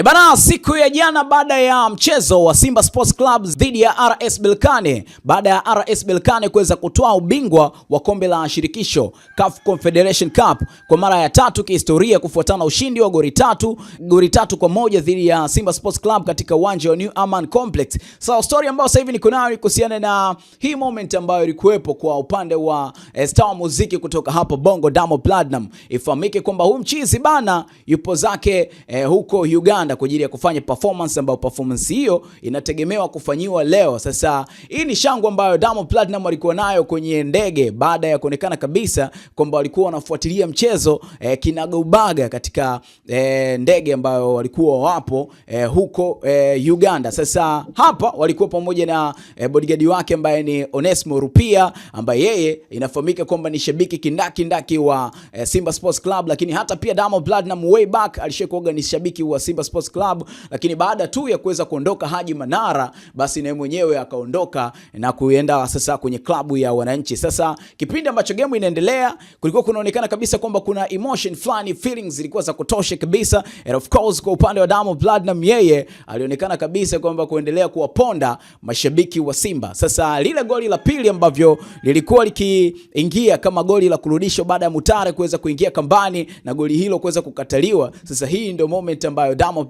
E bana, siku ya jana baada ya mchezo wa Simba Sports Club dhidi ya RS Berkane, baada ya RS Berkane kuweza kutoa ubingwa wa kombe la shirikisho CAF Confederation Cup kwa mara ya tatu kihistoria, kufuatana ushindi wa goli tatu goli tatu kwa moja dhidi ya Simba Sports Club katika uwanja wa New Aman Complex. So, story ambayo sasa hivi niko nayo ni kuhusiana na hii moment ambayo ilikuwepo kwa upande wa eh, star muziki kutoka hapa Bongo Damo Platinum. Ifahamike kwamba huyu mchizi bana yupo zake eh, huko Uganda Uganda kwa ajili ya kufanya performance ambayo performance hiyo inategemewa kufanyiwa leo. Sasa hii ni shangwe ambayo Diamond Platinum alikuwa nayo kwenye ndege baada ya kuonekana kabisa kwamba walikuwa wanafuatilia mchezo eh, kinagaubaga katika eh, ndege ambayo walikuwa wapo eh, huko eh, Uganda. Sasa hapa walikuwa pamoja na eh, bodyguard wake ambaye ni Onesmo Rupia ambaye yeye inafahamika kwamba ni shabiki kindaki ndaki wa eh, Simba Sports Club, lakini hata pia Diamond Platinum way back alishakuwa ni shabiki wa Simba Sports Sports Club, lakini baada tu ya kuweza kuondoka Haji Manara, basi naye mwenyewe akaondoka na kuenda sasa kwenye klabu ya Wananchi. Sasa kipindi ambacho game inaendelea, kulikuwa kunaonekana kabisa kwamba kuna emotion fulani, feelings zilikuwa za kutosha kabisa, and of course kwa upande wa Diamond Platnumz, yeye alionekana kabisa kwamba kuendelea kuwaponda mashabiki wa Simba. Sasa lile goli la pili ambavyo lilikuwa likiingia kama goli la kurudisha baada ya Mutare kuweza kuingia kambani na goli hilo kuweza kukataliwa, sasa hii ndio moment ambayo Diamond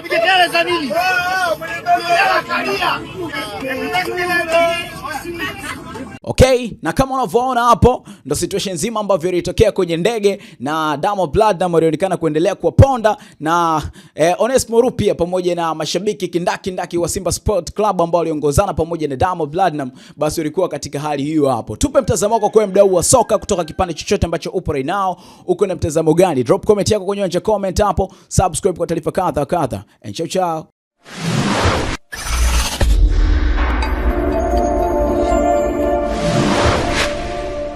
Unapiga kelele za ah, nini? Kalia. Okay, na kama unavyoona hapo ndo situation nzima ambavyo ilitokea kwenye ndege na Diamond Platnumz alionekana kuendelea kuwaponda na eh, Onesmo Moru pia pamoja na mashabiki kindaki ndaki wa Simba Sport Club ambao waliongozana pamoja na Diamond Platnumz, basi walikuwa katika hali hiyo hapo. Tupe mtazamo wako kwa mdau wa soka kutoka kipande chochote ambacho upo right now, uko na mtazamo gani? Drop comment yako kwenye comment hapo, subscribe kwa taarifa kadha kadha. And chao chao.